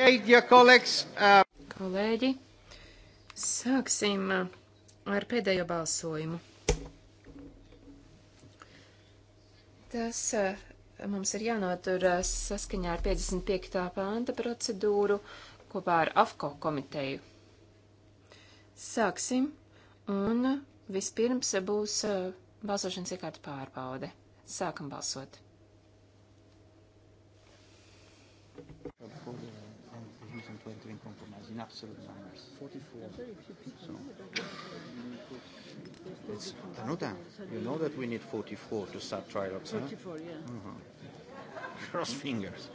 Uh, Kolēģi, sāksim uh, ar pēdējo balsojumu. Tas uh, mums ir jānotur saskaņā ar 55. pānta procedūru kopā ar AFCO komiteju. Sāksim, un vispirms būs balsošanas iekārta pārbaude. Sākam balsot! encuentro en compromise, in absolute numbers. 44. So, it's, Danuta, you know that we need 44 to start trilogues, 44, huh? yeah. Uh-huh. Cross fingers.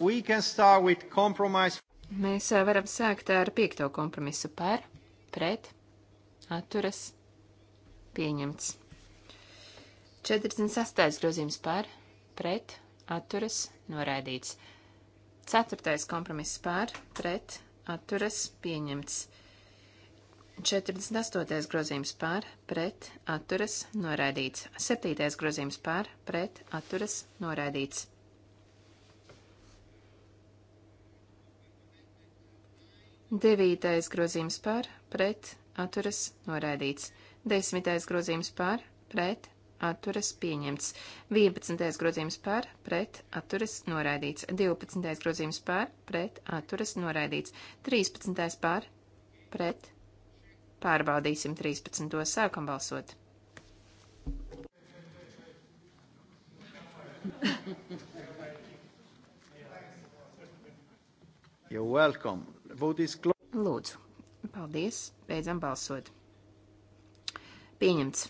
We can start with compromise. Mēs varam sākt ar piekto kompromisu par, pret, atturas, pieņemts. 46. grozījums par, pret, atturas, noraidīts. 4. kompromiss par, pret, atturas, pieņemts. 48. grozījums par, pret, atturas, noraidīts. 7. grozījums par, pret, atturas, noraidīts. Devītais grozījums par, pret, atturas, noraidīts. Desmitais grozījums par, pret, atturas, pieņemts. Vienpadsmitais grozījums par, pret, atturas, noraidīts. Divpadsmitais grozījums par, pret, atturas, noraidīts. Trīspadsmitais par, pret. Pārbaudīsim 13. sākam balsot. You're welcome. Lūdzu. Paldies. Beidzam balsot. Pieņemts.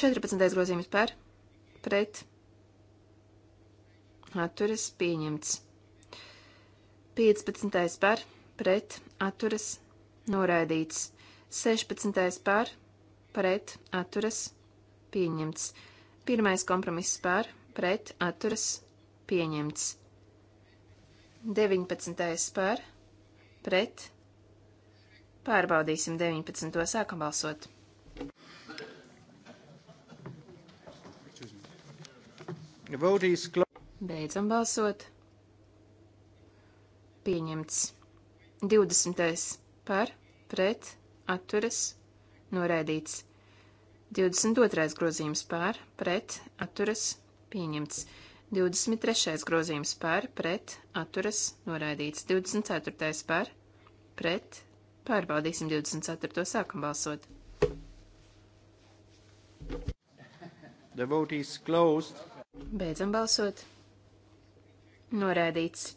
14. grozījums par, pret, atturas, pieņemts. 15. par, pret, atturas, noraidīts. 16. par, pret, atturas, pieņemts. 1. kompromiss par, pret, atturas, pieņemts. 19. par, pret. Pārbaudīsim 19. sākam balsot. Beidzam balsot. Pieņemts. 20. par, pret, atturas, noraidīts. 22. grozījums par, pret, atturas, pieņemts. 23. grozījums par, pret, atturas, noraidīts. 24. par, pret, pārbaudīsim 24. sākam balsot. The vote is closed. Beidzam balsot. Noraidīts.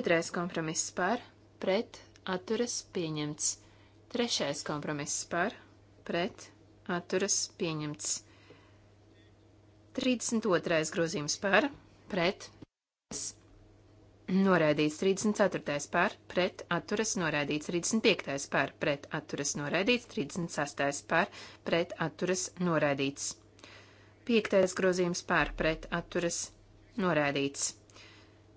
Otrais kompromiss par, pret, atturas, pieņemts. Trešais kompromiss par, pret, atturas, pieņemts. 32. grozījums par, pret, noraidīts 34. par, pret, atturas, noraidīts 35. par, pret, atturas, noraidīts 36. par, pret, atturas, noraidīts. 5. grozījums par, pret, atturas, noraidīts.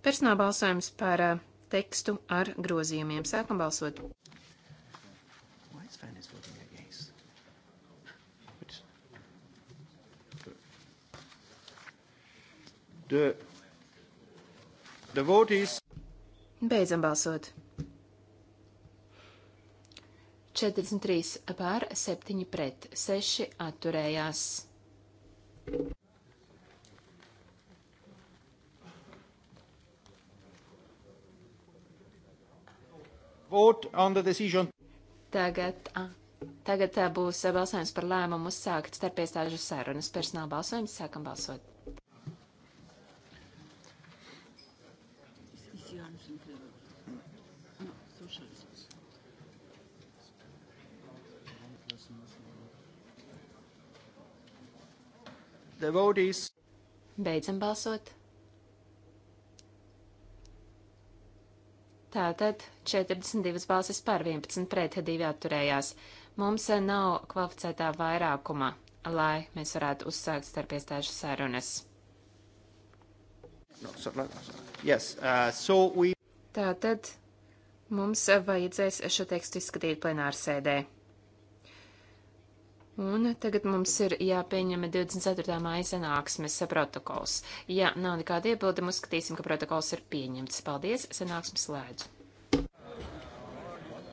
Personāla balsojums par uh, tekstu ar grozījumiem. Sākam balsot. Why is Fanny's voting against? The, the vote is. Beidzam balsot. 43 pār, 7 pret, 6 atturējās. Vote on the decision. Tagad, a, tagad būs balsojums par lēmumu uzsākt starpiestāžu sarunas. Personāla balsojums sākam balsot. die haben schon viel. Ja, so schön ist es. The vote is. Beidzam balsot. Tātad 42 balsis par 11 pret 2 atturējās. Mums nav kvalificētā vairākuma, lai mēs varētu uzsākt starp iestāžu sarunas. No, so, no, so. Yes, uh, so we... Tātad mums vajadzēs šo tekstu izskatīt plenārsēdē. Un tagad mums ir jāpieņem 24. māja sanāksmes protokols. Ja nav nekāda iebilda, uzskatīsim, ka protokols ir pieņemts. Paldies, sanāksmes lēdzu.